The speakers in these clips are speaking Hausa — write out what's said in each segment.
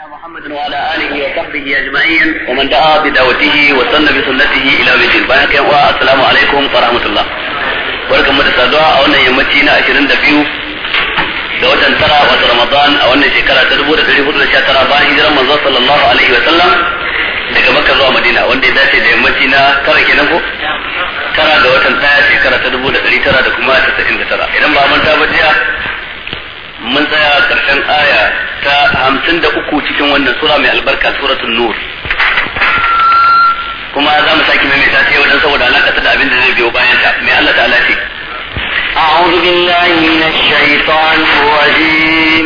نبينا محمد وعلى اله وصحبه اجمعين ومن دعا بدعوته وسن بسنته الى بيت البيان والسلام عليكم الله a wannan yammaci na 22 ga watan daga makka zuwa madina wanda ya dace da yammaci na tara kenan ko tara ga watan daya shekara ta da kuma idan ba manta ba jiya mun tsaya karshen aya ta hamsin da uku cikin wannan sura mai albarka suratul nur kuma za mu sake mai ta yau dan saboda alaƙa da abin da zai biyo bayan ta mai Allah ta'ala ce أعوذ بالله من الشيطان الرجيم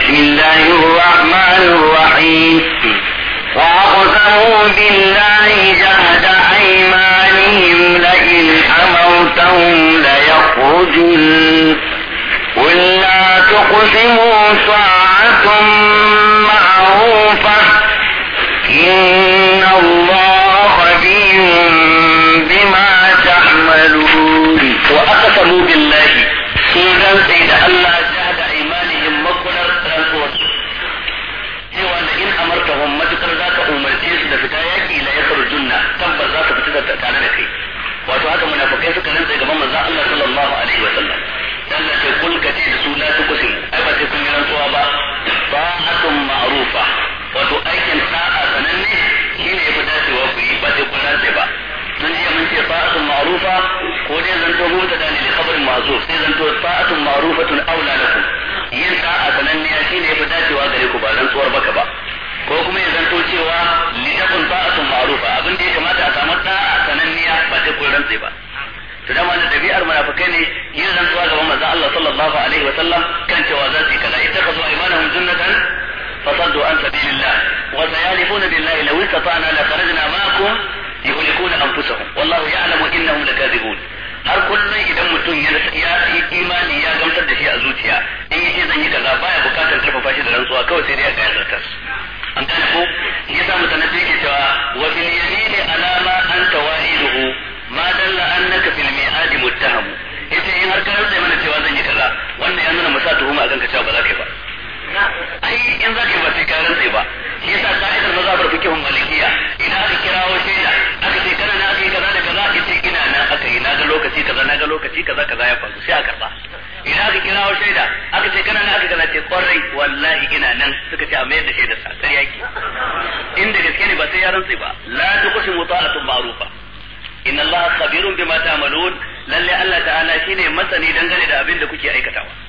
بسم الله الرحمن الرحيم وأقسموا بالله جهد أيمانهم لئن أمرتهم ليخرجن أقسموا ساعة معروفة إن الله خبير بما تعملون وأقسموا بالله سيدا سيد الله جهد إيمانهم مقبلة رنقوت cewa da in amarta hum matukar za ka umarce su da fita yaki la yakhruj junna tabbas za ka fita tare da kai wato haka munafikai suka rantsa gaban manzon Allah sallallahu ma'rufa ko a zanto mubtada ne li khabarin ma'zuf sai zanto sa'atun ma'rufatun aula lakum yin sa'a sananniya shine yafi dacewa gare ku ba rantsuwar baka ba ko kuma ya zanto cewa li takun sa'atun ma'rufa abin da ya kamata a samu sa'a sananniya ba sai kun rantsi ba to dama da dabi'ar munafikai ne yin rantsuwa gaban manzon Allah sallallahu alaihi wa sallam kan cewa za yi kaza ittakhadhu aymanahum junnatan fasaddu an sabilillah wa sayalifuna billahi na istata'na la kharajna anfusahum wallahu ya'lamu innahum lakazibun har kullum idan mutum ya ya imani ya gamsar da shi a zuciya in yake zan yi kaza baya bukatar karfafa shi da rantsuwa kawai sai dai ya kayyata an gane ko yasa mutanabi ke cewa wa bil yamini alama anta wa'iduhu ma dalla annaka fil mi'adi muttaham yace in har ka rantsa mana cewa zan yi kaza wannan ya nuna masa tuhuma akan ka cewa ba za ka yi ba ai in za ka yi ba sai ka rantse ba shi yasa ka'idar mazhabar fikihun malikiya ina aka kirawo shaida aka ce kana na aka yi kaza da kaza aka ce ina na aka yi na ga lokaci kaza na ga lokaci kaza kaza ya faru sai a karba ina aka kirawo shaida aka ce kana na aka kaza ce kwarai wallahi ina nan suka ce a mayar da shaidar sa sai yaki inda gaske ne ba sai ya rantse ba la tuqsimu ta'atun ma'rufa inna allaha khabirun bima ta'malun lalle Allah ta'ala shine masani dangane da abin da kuke aikatawa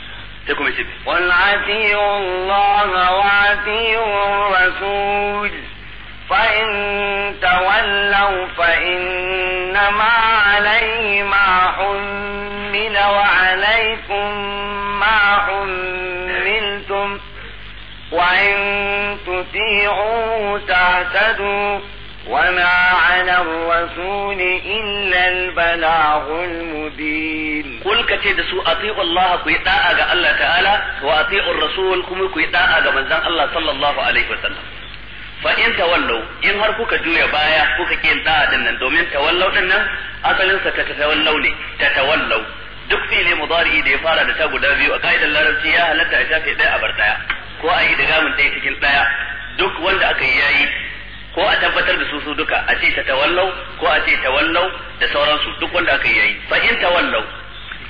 تكون مثل قل الله وعتيوا الرسول فإن تولوا فإنما عليه ما حمل وعليكم ما حملتم وإن تطيعوا تهتدوا وما على الرسول إلا البلاغ المبين قل كتيد سو أطيعوا الله كي داعا الله تعالى وأطيعوا الرسول كم كي داعا من زن الله صلى الله عليه وسلم فإن تولوا إن هر كوكا جويا بايا كوكا كين داعا دنن دومين تولوا دنن أصلا ستتولوا لي تتولوا duk fi'ili mudari'i da ya fara da ta guda biyu a ka'idar larabci ya halatta a shafe ɗaya a bar ɗaya ko a yi da gamin ɗaya cikin ɗaya duk wanda aka yi yayi ko a tabbatar da su su duka a ce ta tawallau ko a ce tawallau da sauransu duk wanda aka yi fa in tawallau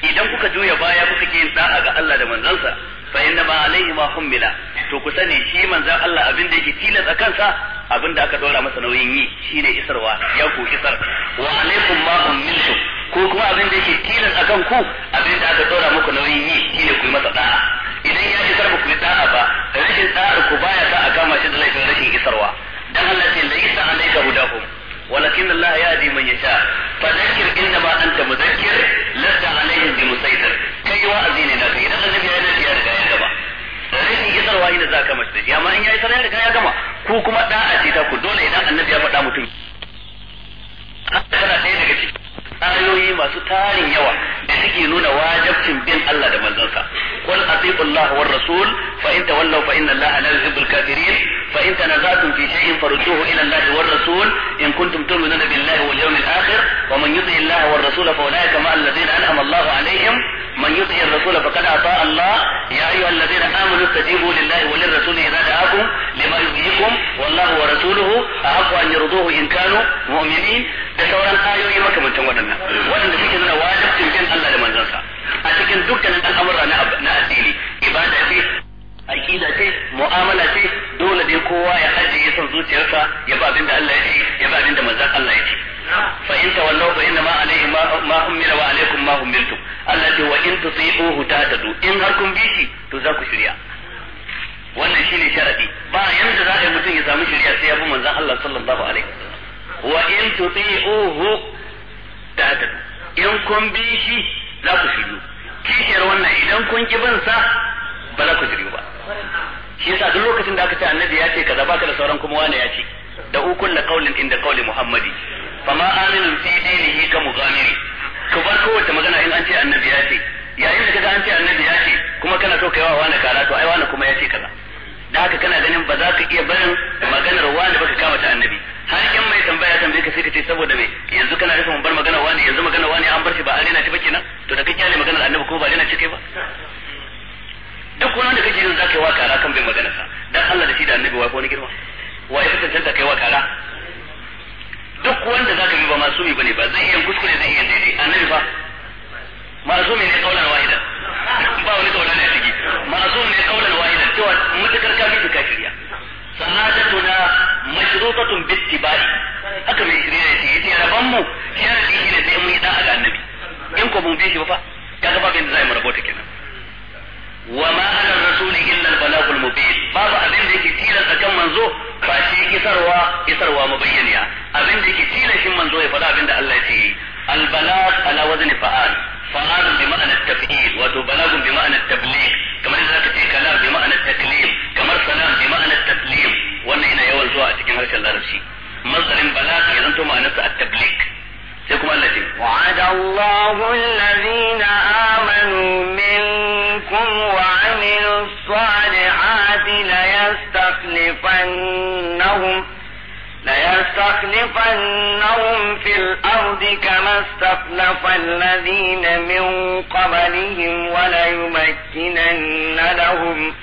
idan kuka juya baya kuka ke yin da'a ga Allah da manzansa fa inna ma alaihi ma hummila to ku sani shi manzan Allah abin da yake tilasta kansa abin da aka dora masa nauyin yi shine isarwa ya ku isar wa alaikum ma ummiltum ko kuma abin da yake tilasta kan ku abin da aka dora muku nauyin yi shine ku yi masa da'a idan ya isar ba ku da'a ba rashin da'a ku baya sa a kama shi da laifin rashin isarwa dan Allah ce laysa alayka hudahum walakin Allah yahdi man yasha fadhakkir inna ma anta mudhakkir lasta alaihim bi musaytir kai wa'azi ne da kai idan annabi ya nace ya riga ya gaba rashin isarwa ne za ka mace amma in ya isar ya riga ya gama ku kuma da'a ce ta ku dole idan annabi ya faɗa mutum kana ɗaya daga cikin ayoyi masu tarin yawa da suke nuna wajibcin bin Allah da manzansa qul atiqu Allah war rasul fa in tawallaw fa inna Allah la yuhibbul kafirin fa in tanaza'tum fi shay'in farudduhu ila Allah war rasul in kuntum tu'minuna billahi wal yawmil akhir wa man yuti Allah war rasul fa ulaika ma alladhina an'ama Allah alaihim من يطع الرسول فقد اطاع الله يا ايها الذين امنوا استجيبوا لله وللرسول اذا دعاكم لما يحييكم والله ورسوله احق ان يرضوه ان كانوا مؤمنين da sauran ayoyi makamantan waɗannan waɗanda suke nuna wajibcin bin Allah da manzansa a cikin dukkanin al'amura na addini ibada ce aqida ce mu'amala ce dole dai kowa ya ajiye son zuciyarsa ya ba abinda Allah ya ce ya ba abinda manzon Allah ya ce fa in tawallaw fa inna ma alayhi ma ummila wa alaykum ma ummiltum Allah ce wa in tusibuhu tadadu in har kun bi shi to za ku shirya wannan shine sharadi ba yanda za a yi mutum ya samu shirya sai ya bi manzon Allah sallallahu alaihi wa in tuti'uhu tadadu in kun bi shi za ku shirya kishiyar wannan idan kun ki bin sa ba za ku jiri ba shi yasa duk lokacin da aka ce annabi ya ce kaza baka da sauran kuma wane ya ce da ukun da qaulin inda qauli muhammadi ma aminu fi dinihi ka mughamiri ku bar kowace magana in an ce annabi ya ce yayin da kaga an ce annabi ya ce kuma kana so kai wa wani kara to ai wani kuma ya ce kaza da haka kana ganin ba za ka iya barin maganar wani ba ka kama ta annabi har in mai tambaya tambaye ka sai ka ce saboda me yanzu kana mun bar maganar wani yanzu maganar wani an bar shi ba a rena shi ba kenan to da kake ne maganar annabi ko ba rena shi kai ba duk wani wanda kake jin zaka yi wa kara kan bin maganarsa dan Allah da shi da annabi wa ko wani girma wa ya tantance kai wa kara duk wanda zaka bi ba masumi bane ba zai iya kuskure zai iya daidai annabi fa masumi ne kaulan wahida ba wani kaulan ne ciki masumi ne kaulan wahida cewa mutakar ka bi ka shirya sa'adatuna mashrutatun bittibai haka mai shirya ne yace rabban mu shi ne sai mun yi da annabi in ko mun bi shi ba fa kaga ba bin zai mu rabota kenan وما على الرسول الا البلاغ المبين بابا ابن ذيك تيلا كم منزو فاشي كسروا كسروا مبين يا ابن ذيك تيلا كم منزو يفلا ابن ذا الله تي البلاغ على وزن فعال فعال بمعنى التفعيل وتو بلاغ بمعنى التبليغ كما اذا تتي كلام بمعنى التكليم كما سلام بمعنى التسليم وانا هنا يوزو اتكلم هكذا الله رسي مصدر البلاغ عن نفس التبليغ وعد الله الذين آمنوا منكم وعملوا الصالحات ليستخلفنهم ليستخلفنهم في الأرض كما استخلف الذين من قبلهم وليمكنن لهم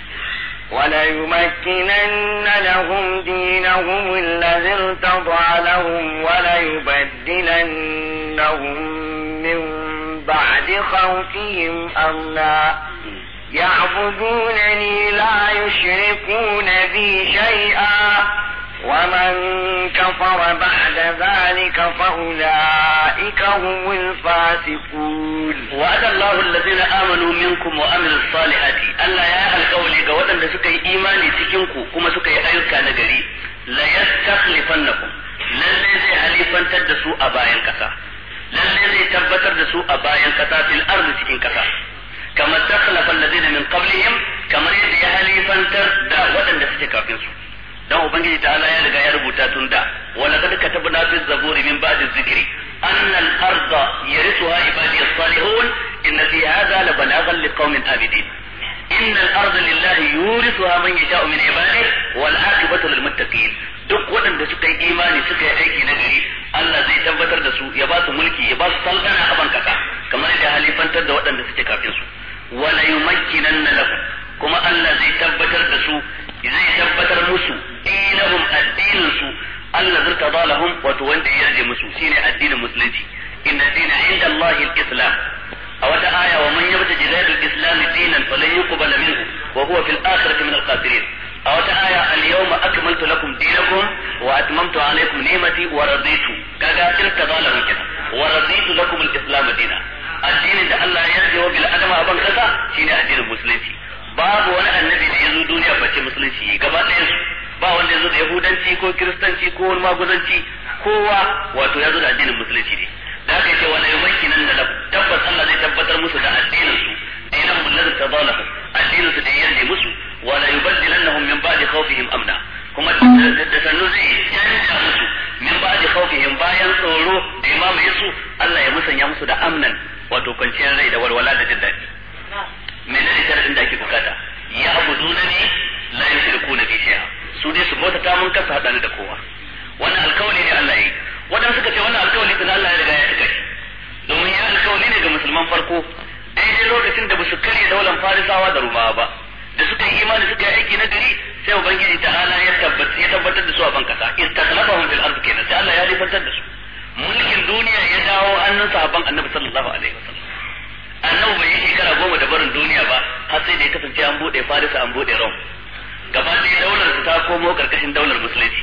وليمكنن لهم دينهم الذي ارتضى لهم وليبدلنهم من بعد خوفهم أمنا يعبدونني لا يشركون بي شيئا ومن كفر بعد ذلك فأولئك هم الفاسقون وعد الله الذين آمنوا منكم وعملوا الصالحات cikin ku kuma suka yi ayyuka na gari la yastakhlifannakum lalle zai halifantar da su a bayan kasa lalle zai tabbatar da su a bayan kasa fil ardi cikin kasa kama takhlafa alladhina min qablihim kamar yadda ya halifantar da waɗanda suke kafin su dan ubangiji ta'ala ya riga ya rubuta tun da wala kad katabna fi zaburi min ba'di dhikri anna al-ardha yarithuha ibadiy as-salihun inna fi hadha la balaghan liqaumin abidin innal arda lillahi yurithuha man yasha'u min ibadihi wal aqibatu duk waɗanda suka yi imani suka yi aiki na gari Allah zai tabbatar da su ya ba su mulki ya ba su saltana a bankasa kamar da halifantar da waɗanda suke kafin su wala na lahum kuma Allah zai tabbatar da su zai tabbatar musu dinahum addinin su Allah zai tada lahum wato wanda ya yarda musu shine addinin musulunci inna dina inda Allah al-islam أود آية ومن يبتدي غير الإسلام دينا فلن يقبل منه وهو في الآخرة من القاسرين أود آية اليوم أكملت لكم دينكم وأتممت عليكم نيمتي ورضيت كذا تلك له كذا ورضيت لكم الإسلام دينا الدين إن الله يرضي وبلا أدم أبن خسا دين الدين المسلم باب ولا النبي يزود دنيا بس مسلم شيء كما تنسوا باب ولا يزود يهودان شيء كو كريستان شيء كو ما بزن شيء كو وا وتو يزود الدين المسلم da aka ce wala nan da tabbas Allah zai tabbatar musu da addinin su dinahum alladhi tadalahu addinin su da yarda musu wala yubaddilannahum min ba'di khawfihim amna kuma da sannu zai canja musu min ba'di khawfihim bayan tsoro da imamu yasu Allah ya musanya musu da amnan wato kwanciyar rai da walwala da jin daɗi menene sharadin da ake bukata ya abuduna ni la yushriku na bi su dai su bauta ta mun kasa hadani da kowa wannan alkawari ne Allah ya yi wadanda suka ce wannan alkawali da Allah ya riga ya kai domin ya alkawali ne ga musulman farko daidai lokacin da basu karya daular farisawa da rumawa ba da suka yi imani suka yi aiki na gari sai ubangiji ta'ala ya tabbatar ya tabbatar da su a bankasa kasa istakhlafahum fil ard kenan sai Allah ya rifantar da su mulkin duniya ya dawo annan sahabban annabi sallallahu alaihi wasallam annabi bai yi shekara goma da barin duniya ba har sai da ya kasance an bude farisa an bude rom gaba ɗaya daular ta komo karkashin daular musulunci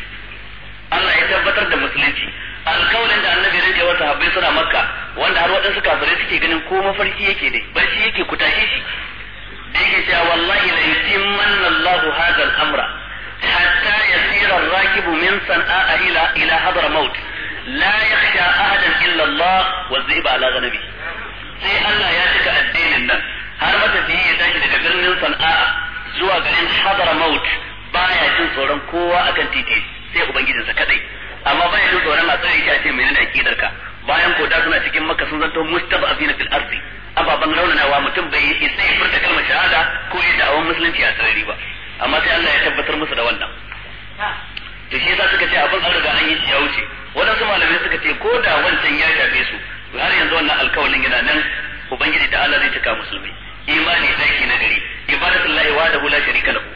Allah ya tabbatar da musulunci alkawalin da annabi rinka wa sahabbai suna makka wanda har waɗansu kafirai suke ganin ko mafarki yake dai barci yake ku tashi shi da yake cewa wallahi la yutimmanna Allahu hadha al-amra hatta yasira ar-rakibu min sana'a ila ila hadramaut la yakhsha ahadan illa Allah wa dhiba ala ghanabi sai Allah ya cika addinin nan har matafiyi ya tashi daga birnin sana'a zuwa garin hadramaut baya jin tsoron kowa akan titi sai ubangijinsa kadai amma ba ya tsoron na tsare ki a ce menene akidar ka bayan ko da suna cikin maka sun zanto mustad'afina fil ardi ababan raunanawa mutum bai yi ya furta kalmar shahada ko yi da'awan musulunci a sarari ba amma sai Allah ya tabbatar musu da wannan to shi yasa suka ce abin an riga an yi ya wuce waɗansu malamai suka ce ko da wancan ya shafe su har yanzu wannan alkawalin yana nan ubangiji da Allah zai cika musulmi imani zaki na gari ibadatullahi wa da la sharika lahu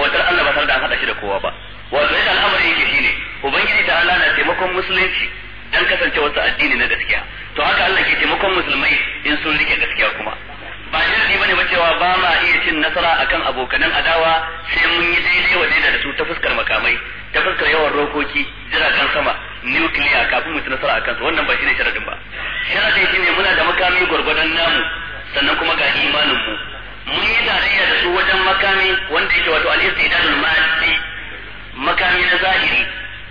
bautar Allah ba tare da an hada shi da kowa ba wato yadda al'amari yake shine ubangiji ta Allah na taimakon musulunci dan kasance wasu addini na gaskiya to haka Allah ke taimakon musulmai in sun rike gaskiya kuma ba sharadi bane ba cewa ba ma iya cin nasara akan abokanan adawa sai mun yi daidai wa daidai da su ta fuskar makamai ta fuskar yawan rokoki jiragen sama nukiliya kafin mu ci nasara akan su wannan ba shine sharadin ba sharadin shine muna da makami gurgurdan namu sannan kuma ga imanin mu mun yi tarayya da su wajen makami wanda yake wato al-istidadul ma'ati makami na zahiri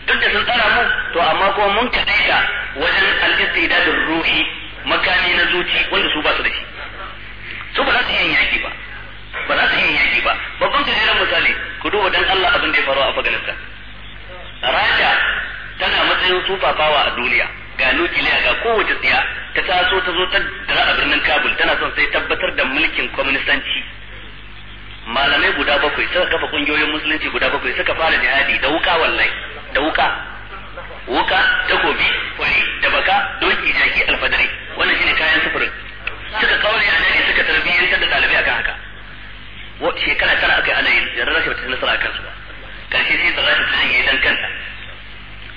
duk da sun tsara mu to amma kuma mun kaɗaita wajen al-istidadin ruhi makami na zuci wanda su ba su da shi su ba za su yi yaki ba ba za su yi yaki ba babban kajeren misali ku duba dan Allah abin da ya faru a Afghanistan Raja tana matsayin super a duniya ga nukiliya ga kowace tsiya ta taso ta zo ta dara a birnin Kabul tana son sai tabbatar da mulkin kwaminisanci malamai guda bakwai suka kafa kungiyoyin musulunci guda bakwai suka fara jihadi da wuka wallahi da wuka wuka takobi kwai da baka doki jaki alfadari wannan shine kayan sufurin suka kaure a daji suka tarbiyyantar da ɗalibai akan haka shekara tara aka yi ana yin yarda rashin ta nasara akan su ba karshe sai tsara ta tsaye dan kanta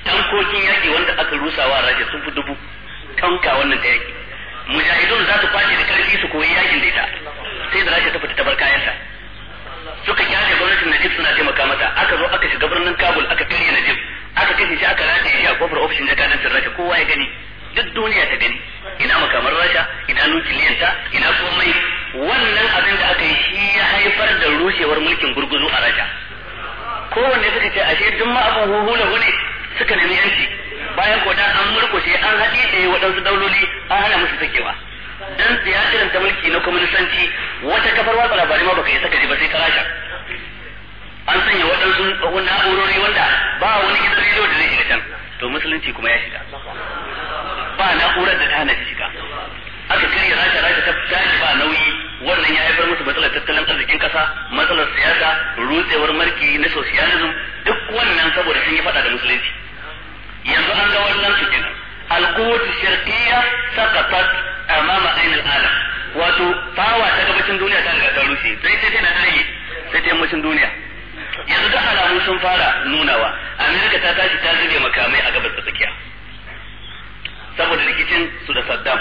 tankokin yaki wanda aka rusa wa rashi sun fi dubu tanka wannan ta yaki mujahidun za su kwace da karfi su koyi yakin da ita sai da rashi ta fita ta bar kayanta suka kyale gwamnatin Najib suna taimaka mata aka zo aka shiga birnin Kabul aka kare Najib aka kashe shi aka rataye shi a kofar ofishin jakadancin Rasha kowa ya gani duk duniya ta gani ina makamar Rasha ina nukiliyanta ina komai wannan abin da aka yi shi ya haifar da rushewar mulkin gurguzu a Rasha kowanne suka ce ashe duk ma abin huhula hune suka nemi yanci bayan ko an murkushe an haɗe da waɗansu dauloli an hana musu sakewa dan tsiya ta mulki na kwaminisanci wata kafar wata labari ma baka isa saka ji ba sai ta rasha an sanya waɗansu na'urori wanda ba wani gidan rediyo da zai shiga can to musulunci kuma ya shiga ba na'urar da ta hana shiga aka karya rasha rasha ta tashi ba nauyi wannan ya haifar musu matsalar tattalin arzikin kasa matsalar siyasa rutsewar marki na socialism duk wannan saboda sun yi fada da musulunci yanzu an ga wannan su kenan القوة الشرقية سقطت أمام عين العالم wato fawa ta gabacin duniya ta riga ta rushe sai ta na ayi sai ta yammacin duniya yanzu da alamu sun fara nunawa amerika ta tashi ta zube makamai a gabas ta tsakiya saboda rikicin su da saddam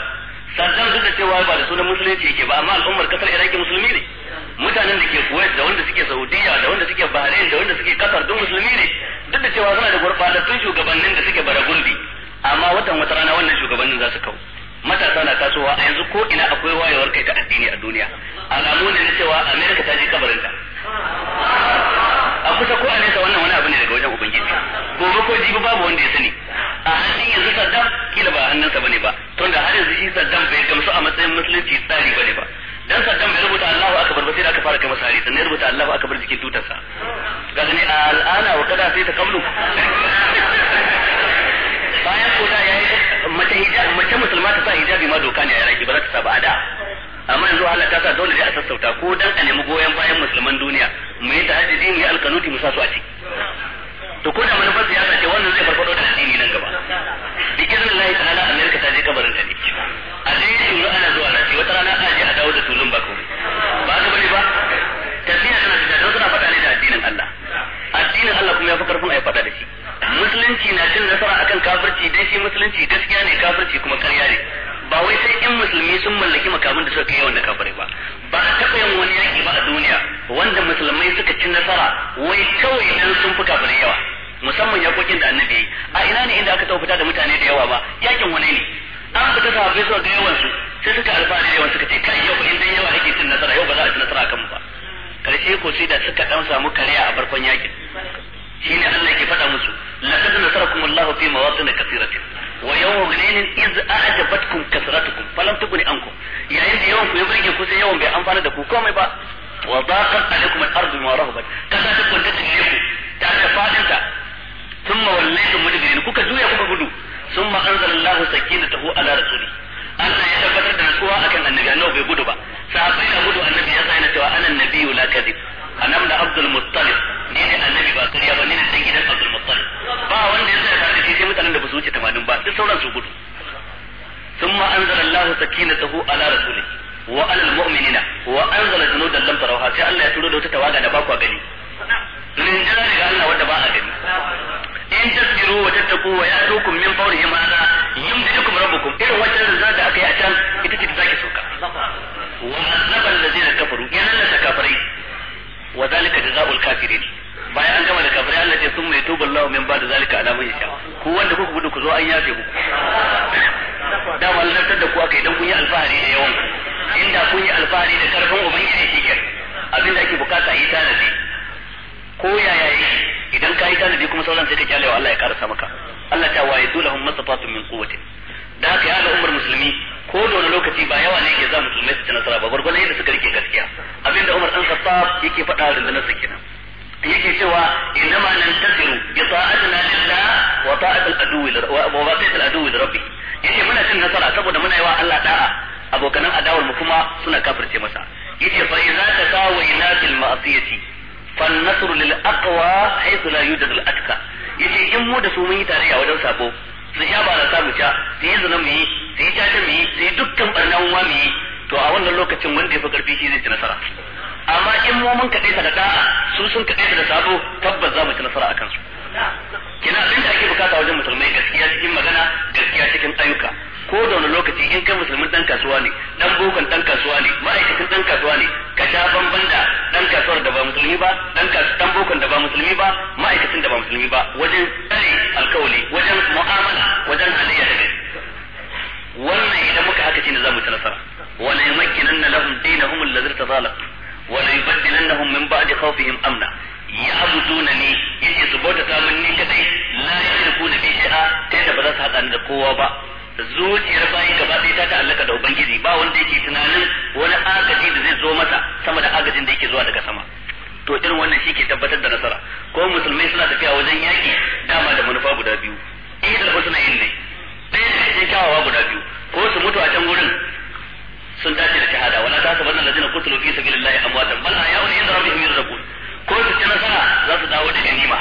saddam duk da cewa ba da sunan musulunci yake ba amma al'ummar kasar iraki musulmi ne mutanen da ke kuwait da wanda suke saudiya da wanda suke bahrain da wanda suke kasar duk musulmi ne duk da cewa suna da gurbatattun shugabannin da suke bara gulbi amma watan wata rana wannan shugabannin za su kawo matasa na tasowa a yanzu ko ina akwai wayewar kai ta addini a duniya alamu ne na cewa america ta je kabarinta a kusa ko a nesa wannan wani abu ne daga wajen ubangiji gobe ko jibi babu wanda ya sani a hannun yanzu saddam kila ba hannunsa bane ba tunda har yanzu shi saddam bai gamsu a matsayin musulunci tsari bane ba dan saddam bai rubuta Allahu akbar ba sai da aka fara kai masa hari sannan ya rubuta Allahu akbar jikin tutarsa ga ne al'ana wa kada sai ta kamlu bayan ko da yayi mace hijab mace musulma ta sa hijabi ma doka ne a yaraki ba za ta sa ba a da amma yanzu Allah ta sa dole ne a sassauta ko dan a nemi goyon bayan musulman duniya mu yi tahajjudi mu yi alkanuti mu sa su a ciki to ko da manufar siyasa ce wannan zai farfado da addini nan gaba Bikin izinin Allah ta'ala Amerika ta je kabarin ta ne a dai yanzu ana zuwa rafi wata rana a je a dawo da tulun ba ko ba ka bari ba tafiya tana fita don suna faɗa ne da addinin Allah addinin Allah kuma ya fi karfin a yi faɗa da shi musulunci na cin nasara akan kafirci dai shi musulunci gaskiya ne kafirci kuma karya ne ba wai sai in musulmi sun mallaki makamin da suka kai da kafirai ba ba a taɓa yin wani yaƙi ba a duniya wanda musulmai suka ci nasara wai kawai dan sun fi kafirai yawa musamman yakokin da annabi a ina ne inda aka taɓa fita da mutane da yawa ba yakin wani ne an fita sahabbai suka ga yawan su sai suka alfahari yawan suka ce kai yau in dan yawa ake cin nasara yau ba za a ci nasara kan mu ba karshe ko sai da suka dan samu kariya a farkon yakin ne Allah ke faɗa musu laqad nasarakum Allahu fi mawatin kathiratin wa yawma ghinain iz a'jabatkum kasratukum falam tughni ankum yayin da yawan ku ya burge ku sai yawan bai amfana da ku komai ba wa daqat alaikum al-ardu ma rahabat kasa ta kunta tsaye ku ta ta fadin ta thumma wallaytum mudbirin kuka juya kuka gudu thumma anzalallahu sakinatahu ala rasuli Allah ya tabbatar da nutsuwa akan annabi annabi sakinatahu ala rasulihi wa ala almu'minina wa anzala junudan lam tarawha sai Allah ya turo da wata tawaga da ba ku gani rinjana daga Allah wanda ba a gani in tasbiru wa tattaku wa ya yatukum min fawrihim hada yumdidukum rabbukum irin wata rinjana da aka yi a can ita ce ta zaki soka wa azaba allazina kafaru yana lata kafirai wa zalika jazaa'ul kafirin bayan an gama da kafirai Allah ya sun mai tuba Allah min ba da zalika ala man yasha ku wanda kuka gudu ku zo an yafe ku da wallantar da ku akai dan kun yi alfahari da yawan inda kun yi alfahari da karfin ubangiji shi kenan abinda da ake bukata yi tanadi ko yaya yi idan ka yi tanadi kuma sauran sai ka kyale wa Allah ya karasa maka Allah ta waye dulahum masafatun min quwwatin da ka yi al'ummar musulmi ko da wani lokaci ba yawa ne yake za musulmai su ci nasara ba gwargwadon yadda suka rike gaskiya abinda Umar dan Khattab yake faɗa rundunar sa kenan yake cewa ma nan tasiru bi ta'atina lillah wa ta'atil aduwi wa ta'atil aduwi li rabbih yace muna cin nasara saboda muna yi wa Allah da'a abokanan adawar mu kuma suna kafirce masa yace fa idza tasawayna fil ma'siyati fan nasr lil aqwa haythu la yujad al atqa yace in mu da su mun yi tarayya wajen sako su sha ba da samu ta su yi zina mu yi su yi caca mu yi su yi dukkan barnan wa mu to a wannan lokacin wanda ya fi karfi shi zai ci nasara amma in mu mun kadaita da da'a su sun kadaita da sabo tabbas za mu ci nasara a kansu kina abin da ake bukata wajen musulmai gaskiya cikin magana gaskiya cikin ayyuka ko da wani lokaci in kai musulmin dan kasuwa ne dan bokon dan kasuwa ne ma'aikacin dan kasuwa ne ka sha banban da dan kasuwar da ba musulmi ba dan dan bokon da ba musulmi ba ma'aikacin da ba musulmi ba wajen tsare alkawali wajen mu'amala wajen halayya da gaske wannan idan muka haka shi ne za mu ci nasara wala yumakkinanna lahum dinahum alladhi irtadala wala yubaddilannahum min ba'di khawfihim amna ya ya'buduna ni yace su bauta ta mun ni kadai la yushrikuna bi shay'a ta yadda ba za su haɗa ni da kowa ba zuciyar bayan gaba ɗaya ta ta'allaka da ubangiji ba wanda yake tunanin wani agaji da zai zo masa sama da agajin da yake zuwa daga sama to irin wannan shi ke tabbatar da nasara ko musulmai suna tafiya wajen yaƙi dama da manufa guda biyu idan ko suna yin ne ɗaya da cikin kyawawa guda biyu ko su mutu a can wurin sun dace da shahada wala ta sabanna ladina qutilu fi sabilillahi amwatan bal ahya'un inda rabbihim yurzaqun ko su ci nasara za su dawo da ganima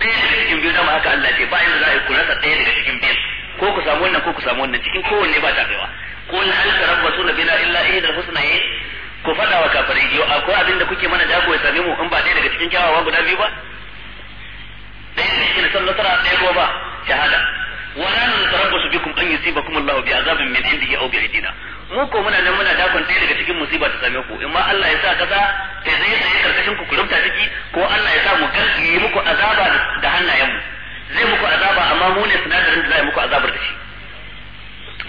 ɗaya daga cikin biyu dama haka Allah ce ba yanzu za a yi ku ɗaya daga cikin biyu ko ku samu wannan ko ku samu wannan cikin kowanne ba ta kaiwa ko na rabba su na bina illa husna yi eh? ku faɗa wa kafirai yau akwai abin da kuke mana jago ya same mu in ba ɗaya daga cikin kyawawa guda biyu ba ɗaya daga cikin san nasara ɗaya kuma ba shahada wala nan tarabbasu bikum an yusibakum Allahu bi'azabin min indihi aw bi'idina mu ko muna nan muna dakon ɗaya daga cikin musiba ta same ku in ma Allah ya sa kaza ta zai tsaye karkashin ku kulumta ciki ko Allah ya sa mu yi muku azaba da hannayen mu. zai muku azaba amma mu ne sinadarin da za a muku azabar da shi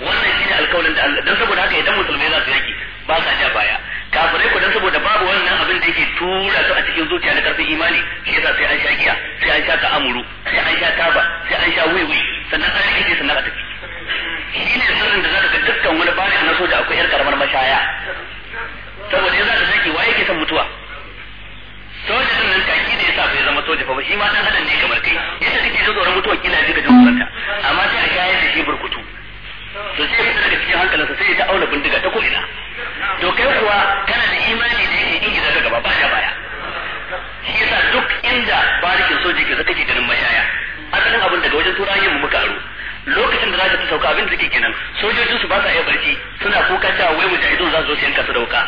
wannan shine alƙawarin da Allah dan saboda haka idan musulmai za su yaki ba sa ja baya kafirai ku dan saboda babu wannan abin da yake tura su a cikin zuciya da karfin imani shi yasa sai an sha giya sai an sha ta'amuru amuru sai an sha taba sai an sha wiwi sannan an rikice sannan a tafi shi ne sirrin da za ka dukkan wani baka na soja akwai yar karamar mashaya saboda ya za ta sake waye ke son mutuwa soja din nan kaki da yasa bai zama soja ba shi ma dan hadan ne kamar kai yadda kake so tsoron mutuwa kina ji ka jin tsoronta amma sai a shayar da shi burkutu to sai fita daga cikin hankalinsa sai ta auna bindiga ta ko'ina to kai kuwa kana da imani da yake ingiza ka gaba ba baya shi yasa duk inda barikin soja ke zaka ke ganin mashaya asalin abin daga wajen turayen mu muka aro lokacin da za ta sauka abin da kenan sojojin su ba sa iya barci suna kuka cewa wai mujahidun za su zo su yanka su dauka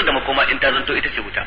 tur da makoma in ta zanto ita ce wuta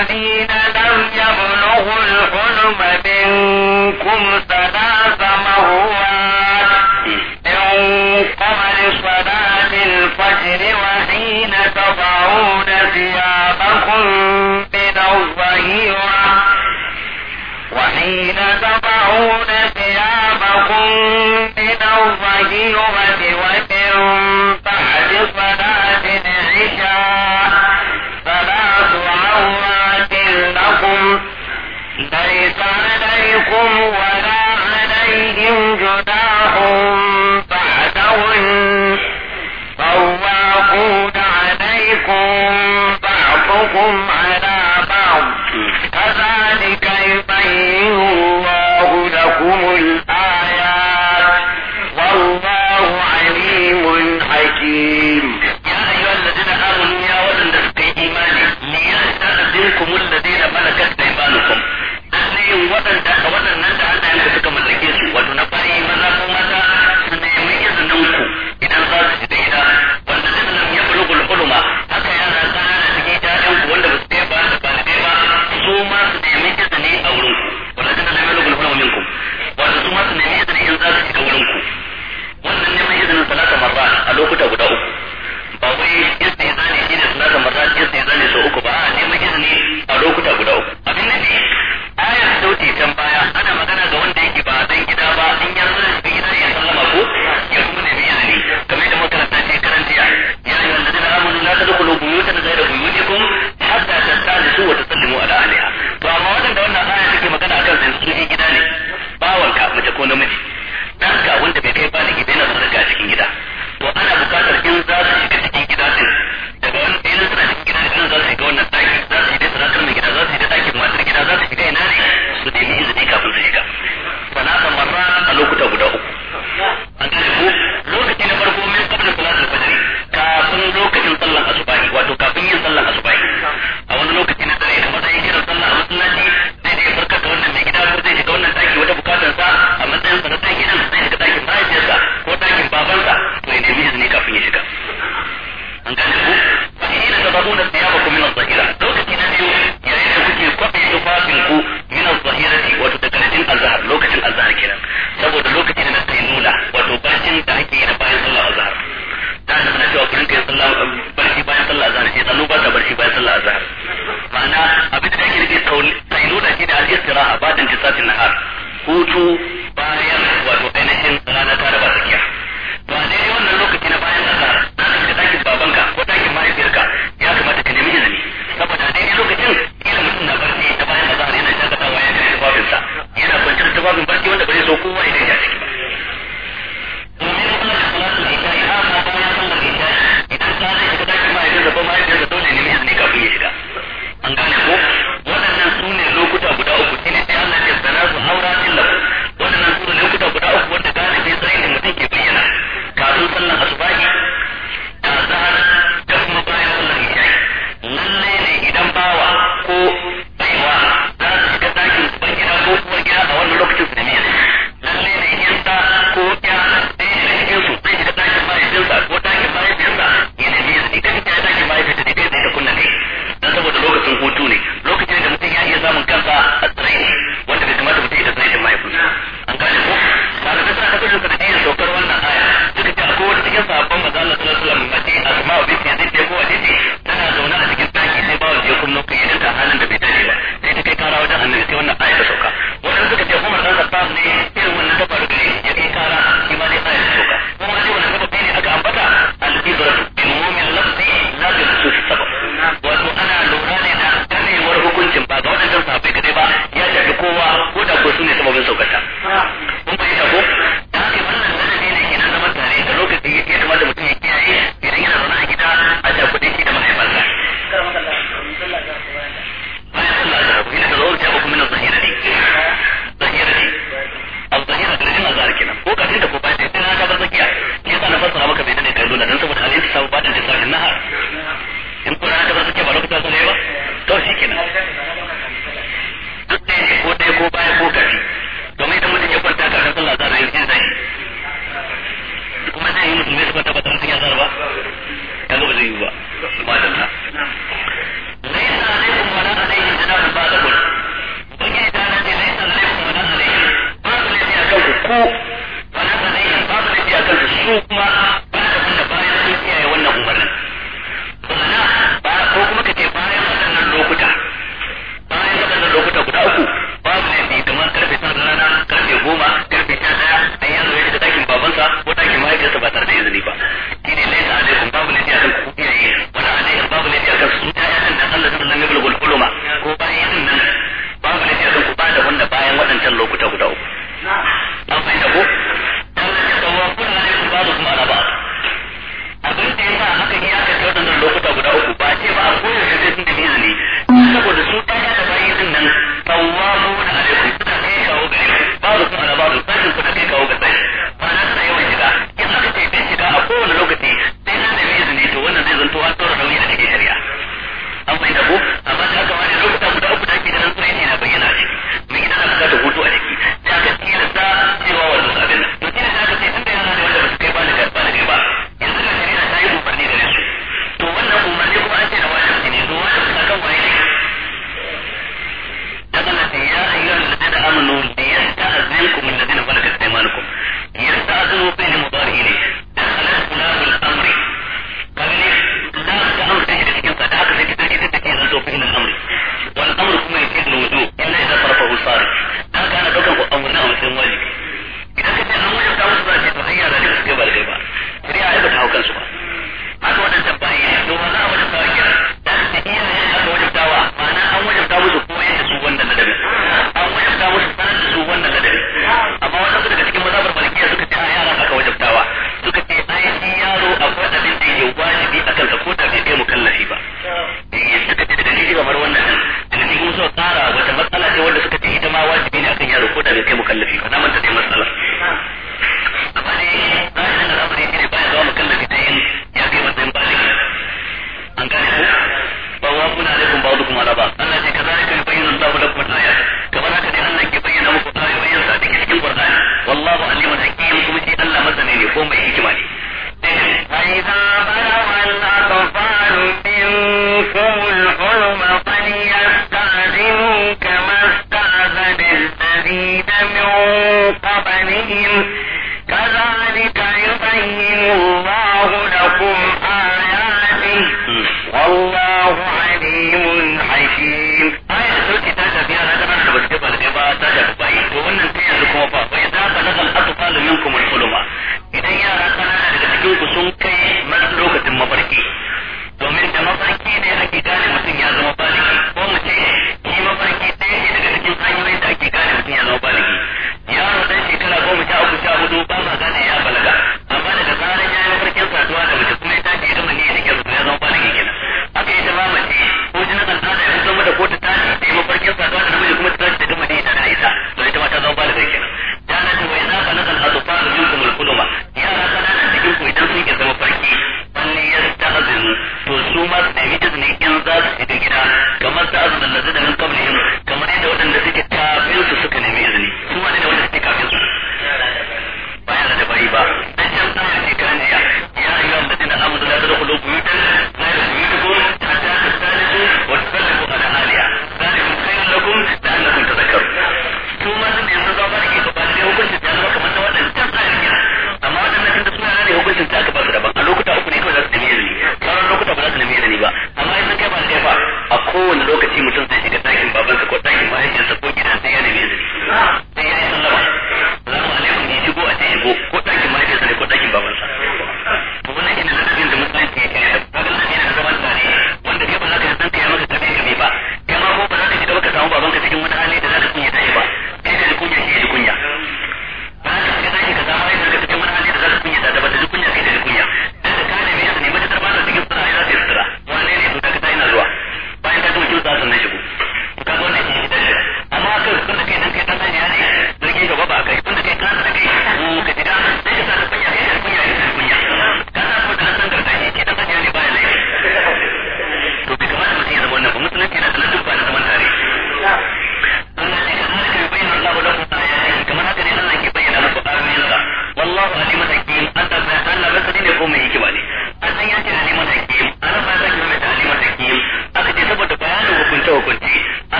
الذين لم يبلغوا الحلم منكم ثلاث مرات من قبل صلاة الفجر وحين تضعون ثيابكم من الظهيرة وحين تضعون ثيابكم من الظهيرة ومن ليس عليكم ولا عليهم جناح بعدهن طواقون عليكم بعضكم على بعض كذلك يبين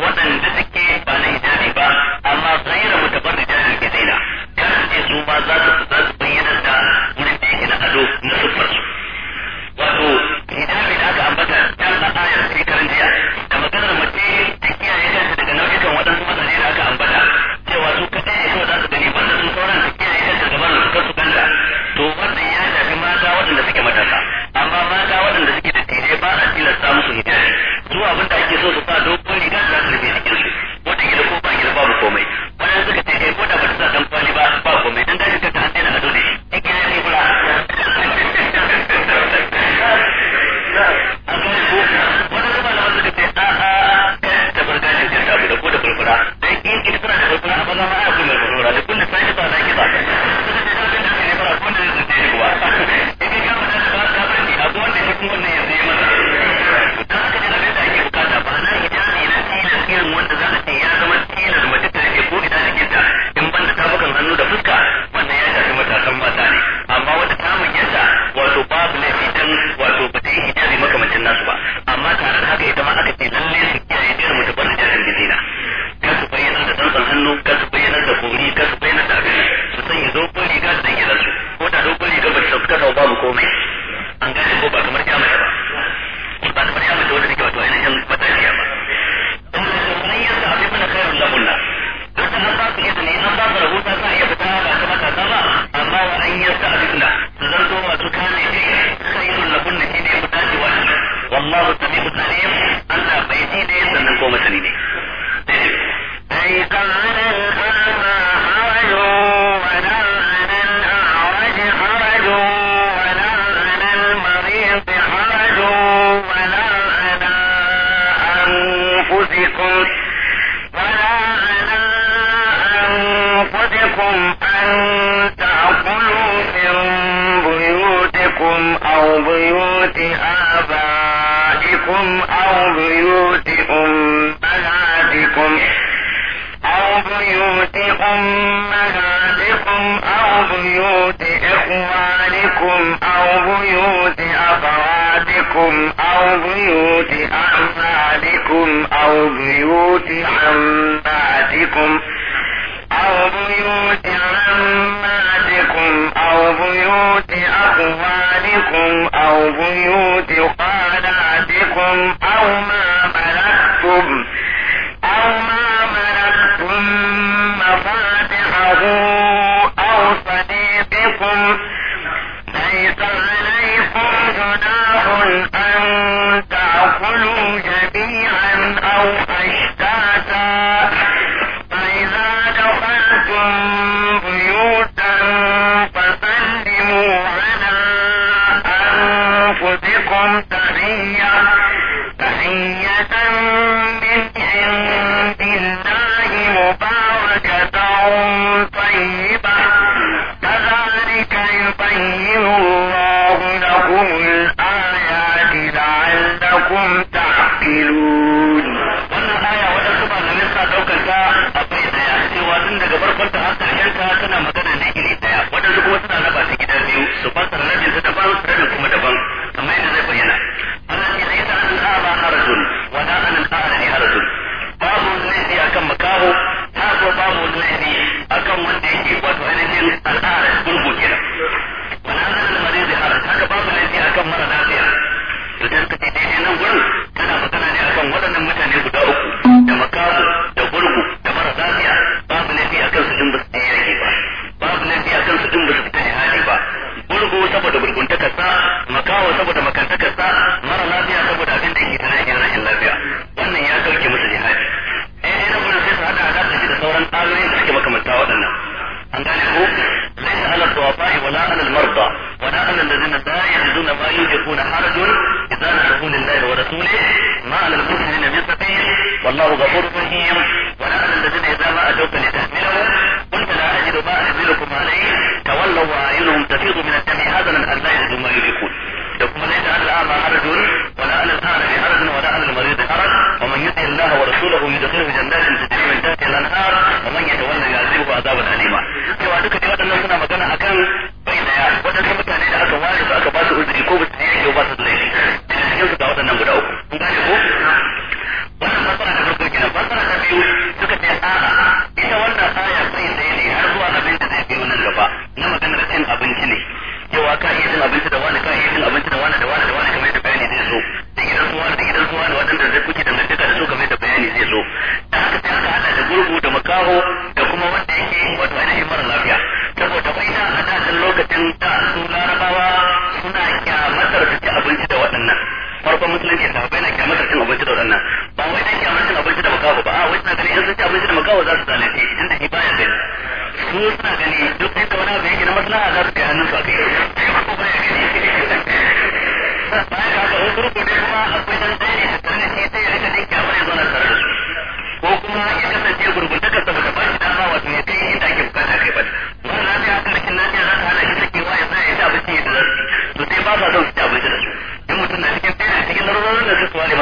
waɗanda suke أنفسكم ولا على أنفسكم أن تأكلوا من بيوتكم أو بيوت آبائكم أو بيوت أمهاتكم أو بيوت أمهاتكم أو بيوت أبنائكم أو بيوت أعمالكم أو بيوت عماتكم أو بيوت عماتكم أو بيوت أخوالكم أو بيوت خالاتكم أو ما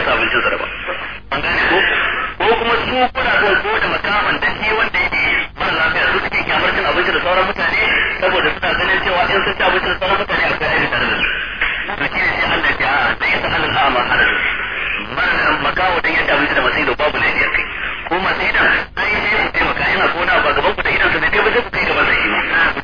masa abincin sa ba ko ko kuma su kuna son ko da makaman da shi wanda yake mara lafiya su suke kyamar cin abinci da sauran mutane saboda suna ganin cewa in sun ci abinci da sauran mutane a aini tare da su to shi ne sai Allah ya ce a da yasa Allah ta ma halal mara makawo dan yadda abinci da masai da babu ya kai ko masai dan yi sai ku taimaka yana ko na ba gaban ku da idan su ne kai ba sai ku kai gaban da shi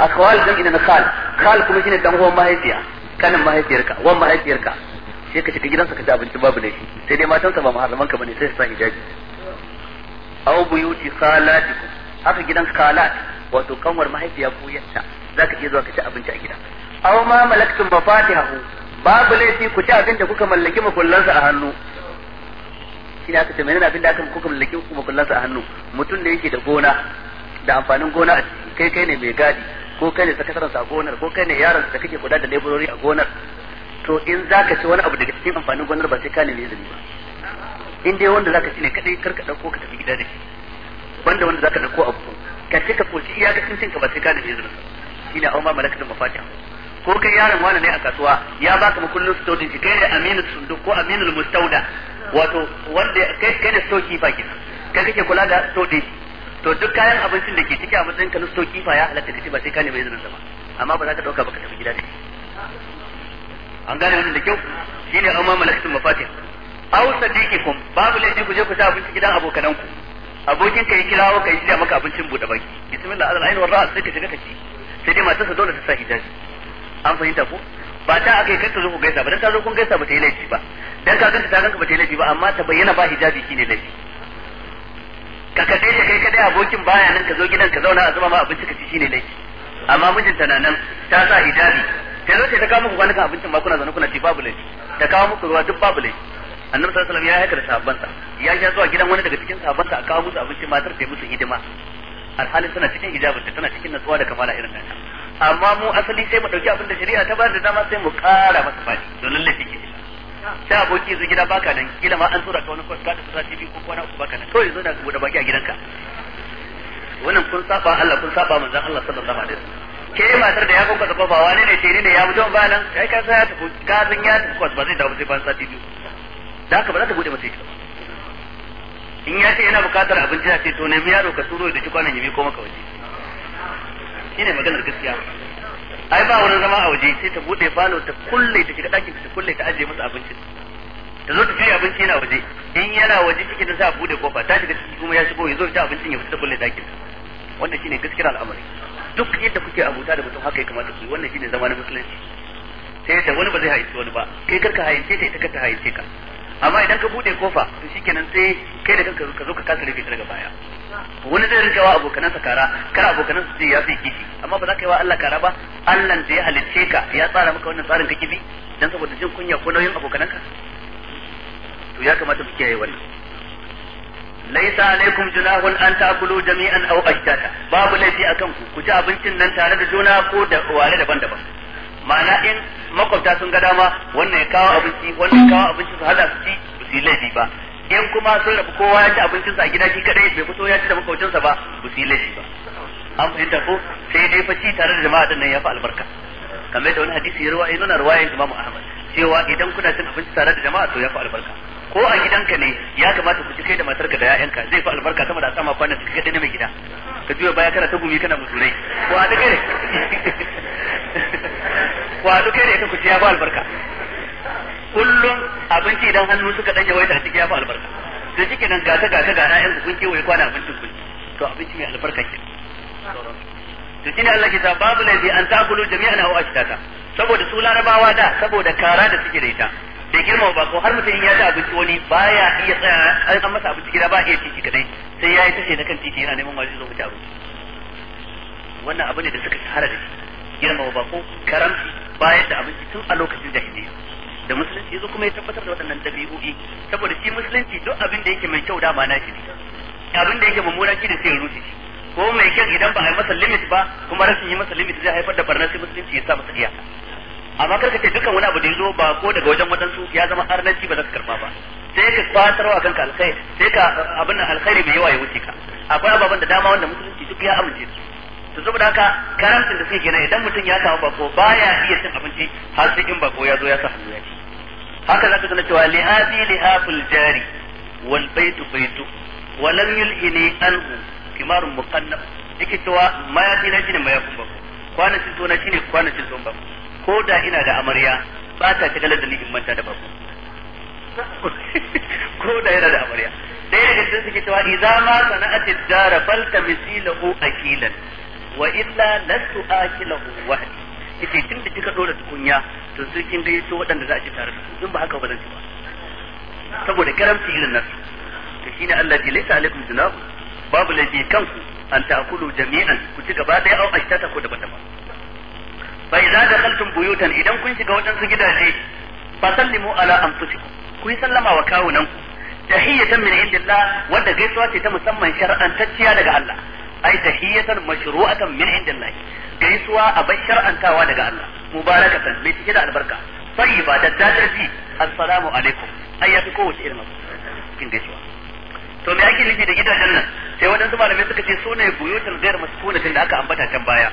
akwal dan zan ina na khal khal kuma shine dan uwan mahaifiya kanin mahaifiyarka wan mahaifiyarka sai ka shiga gidansa ka ci abinci babu ne sai dai matansa ba muharraman ka bane sai su sa hijabi aw buyuti khalatikum haka gidan khalat wato kanwar mahaifiya ko yatta zaka iya zuwa ka ci abinci a gida aw ma malaktum mafatihahu babu laifi ku ci abin da kuka mallaki makullansa a hannu shine aka ce menene abinda aka kuka mallaki makullansa a hannu mutum da yake da gona da amfanin gona a kai kai ne mai gadi ko kai ne sakataren sa a gonar ko kai ne yaron da kake kula da laborori a gonar to in zaka ci wani abu daga cikin amfanin gonar ba sai ka nemi izini ba in dai wanda zaka ci ne kadai karka dauko ka tafi gida da shi banda wanda zaka dauko abu ka ci ka koci iya cikin ka ba sai ka nemi izini shine auma malakatul mafata ko kai yaron wani ne a kasuwa ya baka makullin sitodin shi kai ne aminul sunduk ko aminul mustauda wato wanda kai kai ne stoki fa kina kai kake kula da sitodin to duk kayan abincin da ke ciki a matsayin ka na kifa ya halatta kace ba sai ka nemi izinin sa ba amma ba za ka dauka ba ka tafi gida da shi an gane wannan da kyau shine amma malakatul mafatih aw sadiqikum babu laifi ku je ku ta abinci gidan abokananku abokin ka ya kirawo ka yi maka abincin bude baki bismillah azal ayn warra sai ka shiga ka ci sai dai matarsa dole ta sa hijabi an fahimta ko ba ta aka yi kanta zo ku gaisa ba dan ta zo kun gaisa ba ta yi laifi ba dan ka ganta ta ganka ba ta yi laifi ba amma ta bayyana ba hijabi shine laifi ka kaɗai ka kai kaɗe abokin baya nan ka zo gidan ka zauna a zuba ma abinci ka ci shine laifi amma mijinta na nan ta sa hijabi ta zo ta kawo muku kwanuka abincin ba kuna zaune kuna ci babu laifi ta kawo muku ruwa duk babu laifi annabi sallallahu alaihi wasallam ya haka da sahabbansa ya sha zuwa gidan wani daga cikin sahabbansa a kawo musu abinci matar ta yi musu hidima alhalin tana cikin ta tana cikin natsuwa da kamala irin nan amma mu asali sai mu dauki abin da shari'a ta ba da dama sai mu kara masa fadi to lalle kike sai aboki zai gida baka nan kila ma an tura ka wani kwas ka da sura TV ko kwana uku baka nan kawai zauna na bude baki a gidanka wannan kun saba Allah kun saba manzon Allah sallallahu alaihi wasallam ke matar da ya kuka zaba ba wani ne ce ne ya mutum ba nan kai ka sai ya tafi kazin ya tafi kwas ba zai dawo sai ban sa biyu da haka ba za ta bude masa ita in ya ce yana bukatar abinci ya ce to ne mu yaro ka turo da shi kwanan yami ko maka waje shine maganar gaskiya ai ba wani zama a waje sai ta bude falo ta kulle ta shiga dakin ta kulle ta ajiye musu abincin ta zo ta shirya abinci yana waje in yana waje cikin da sa a bude kofa ta shiga ciki kuma ya shigo ya zo ta abincin ya fita ta kulle dakin wannan shine gaskiyar al'amari duk yadda kuke abuta da mutum haka ya kamata ku wannan shine zama na musulunci sai ta wani ba zai haice wani ba kai karka haice ta ita karka ta ka amma idan ka bude kofa to shikenan sai kai da kanka ka zo ka kasa rufe daga baya wani zai rinka wa abokanansa kara kar abokanansa su ce ya fi kifi amma ba za ka yi wa Allah kara ba Allah da ya halicce ka ya tsara maka wannan tsarin ka kifi dan saboda jin kunya ko nauyin abokananka to ya kamata ku kiyaye wannan laisa alaikum junahun an ta'kulu jami'an aw ashtata babu laifi akan ku ku ci abincin nan tare da juna ko da ware daban-daban ma'ana in makwabta sun ga dama wannan ya kawo abinci wannan ya kawo abinci su hada su ci su yi laifi ba in kuma sun rabu kowa ya ci abincinsa a gida shi kadai bai fito ya ci da makaucinsa ba ba su shi laifi ba an fahimta ko sai dai fa ci tare da jama'a din nan ya fi albarka kamar yadda wani hadisi ya ruwa ya nuna ruwayan Imam Ahmad cewa idan kuna cin abinci tare da jama'a to ya fi albarka ko a gidanka ne ya kamata ku ci kai da matarka da 'ya'yanka zai fi albarka sama da sama kwanan cikin kadai na mai gida ka juya baya kana ta gumi kana musulai ko a duka ne ko a ne ka ku ci ya fi albarka kullum abinci idan hannu suka dan yawai a ciki ya fi albarka to cikin nan gata gata ga ra'ayin ku kun kewaye kwana abincin ku to abinci mai albarka ke to shine Allah ke ta babu laifi an ta'kulu jami'an aw ashtata saboda su larabawa da saboda kara da suke da ita bai girma ba ko har mutum ya ci abinci wani baya iya tsaya an masa abinci gida ba iya titi kadai sai ya yi tashe na kan titi yana neman wajen zo mu abinci wannan abu ne da suka shahara da shi girma ba ko karamci bayan da abinci tun a lokacin jahiliya da musulunci su kuma ya tabbatar da waɗannan dabi'o'i saboda shi musulunci duk abin da yake mai kyau da mana na shi abin da yake mummuna shi da sai ya rushe ko mai kyau idan ba a yi masa limit ba kuma rashin yi masa limit zai haifar da barna sai musulunci ya sa masa iyaka amma karka ce dukkan wani abu da yazo ba ko daga wajen wadansu ya zama arnaci ba za ka karba ba sai ka wa kanka alkhairi sai ka abin alkhairi mai yawa ya wuce ka akwai ababen da dama wanda musulunci duk ya amince da su to saboda haka karantin da suke gina idan mutum ya samu bako baya iya cin abinci har sai in bako ya zo ya sa hannu ya ci haka zaka ga cewa li hadi li afil jari wal baitu baitu walam yulini anhu kimarun muqannab yake cewa mayafi na shine mayafin bako kwanacin tona shine kwanacin tona bako ko da ina da amarya ba ta galar da ni in manta da bako ko da yana da amarya ɗaya daga cikin suke cewa idza ma sana'at ad-dara faltamisi lahu akilan wa illa lastu akilahu wahdi yace tun da kika dora tukunya to sai kin gayyato waɗanda za a ci tare da su in ba haka ba zan ci ba saboda karamci irin nan to shine Allah ji laysa alaikum junahu babu laifi kanku an ta'kulu jami'an ku ci gaba ɗaya au ashtata ko daban-daban fa idza dakhaltum buyutan idan kun shiga waɗansu gidaje fa sallimu ala anfusikum ku yi sallama wa kawunan ku tahiyatan min indillah wanda gaisuwa ce ta musamman shar'antacciya daga Allah ai tahiyatan mashru'atan min indillahi gaisuwa a bashar antawa daga Allah mubarakatan mai cike da albarka ba da dadarci assalamu alaikum ai yafi kowace irin abu cikin gaisuwa to me ake nufi da gidajen nan sai waɗansu malamai suka ce sune buyutul masu maskunatin da aka ambata can baya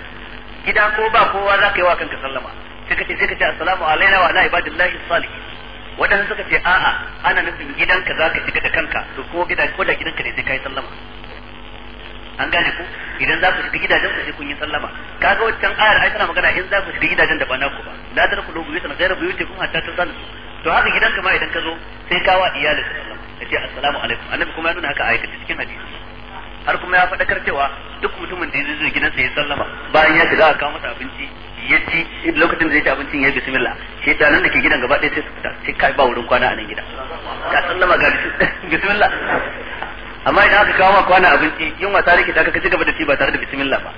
gida ko ba kowa za ka yi wa kanka sallama suka ce sai ka ce assalamu alaina wa ala ibadillahi salihin waɗansu suka ce a'a ana nufin gidanka za ka shiga da kanka to ko gida ko da gidanka ne sai kai sallama an gane ku idan za ku shiga gidajen ku sai kun yi sallama kaga wancan ayar ai tana magana in za ku shiga gidajen da ba na ku ba la tadkhulu buyutan ghayra ta hatta zanu to haka gidan ma idan ka zo sai ka wa iyalin ka sallama yace assalamu alaikum annabi kuma ya nuna haka aikata cikin hadisi har kuma ya faɗakar cewa duk mutumin da ya zo sa ya sallama bayan ya shiga a kawo masa abinci ya ci lokacin da ya ci abincin ya bismillah shi da nan da ke gidan gaba ɗaya sai su fita sai kai ba wurin kwana a nan gida ka sallama ga bismillah amma idan aka kawo ma kwana abinci yunwa ta rike ta ka ci gaba da ci ba tare da bismillah ba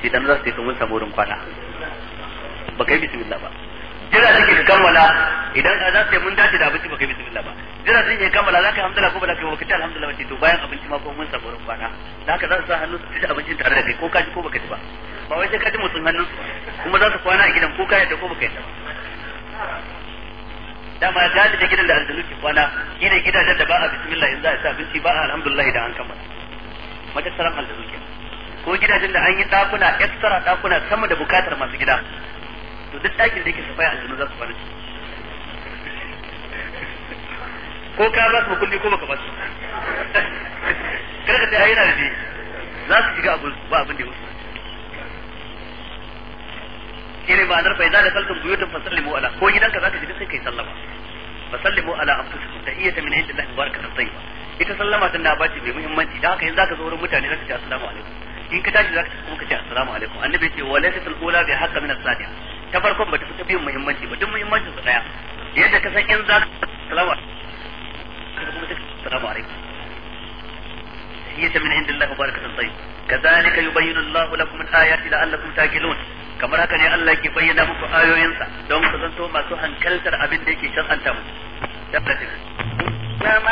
shi dan za su tafi mun samu wurin kwana ba kai bismillah ba jira take ka kammala idan za su mun dace da abinci ba kai bismillah ba jira sun ka kammala za ka hamdala ko ba za ka yi ka ci alhamdulillah ba to bayan abinci ma ko mun samu wurin kwana da haka za su sa hannu su ci abincin tare da kai ko ka ko baka ci ba ba wai sai ka ji mutsun hannun kuma za su kwana a gidan ko ka yadda ko baka yadda ba dama da gidan da aljanu ke kwana shine gidajen da ba a bismillah in za a sa abinci ba a alhamdulillah idan an kammala matattaran aljanu ke ko gidajen da an yi dakuna extra dakuna sama da bukatar masu gida to duk ɗakin da yake safai aljanu za su fara shi. ko ka ba su kulli ko baka ba su kada ka sai ayyana da za su shiga abu ba abin da ya wuce shine ma'anar fa idza dakaltum buyutan fasallimu ala ko gidanka zaka shiga sai kai sallama fasallimu ala anfusikum tahiyatan min indillahi mubarakatan tayyiba ita sallama din na bace mai muhimmanci dan haka yanzu zaka zo wurin mutane zaka ce assalamu alaikum in ka tashi zaka kuma ka ce assalamu alaikum annabi ya ce walaysatul ula bi haqqi min as-sadiqa ta farkon bata fita biyan muhimmanci ba duk muhimmancin su daya yadda ka san in zaka assalamu alaikum assalamu alaikum بقية من عند الله مبارك طيب كذلك يبين الله لكم الآيات لعلكم تاكلون كما كان الله يبين لكم آية ينسى لهم تظنتوا ما سوحن كالتر أبن ديكي شر أنت وما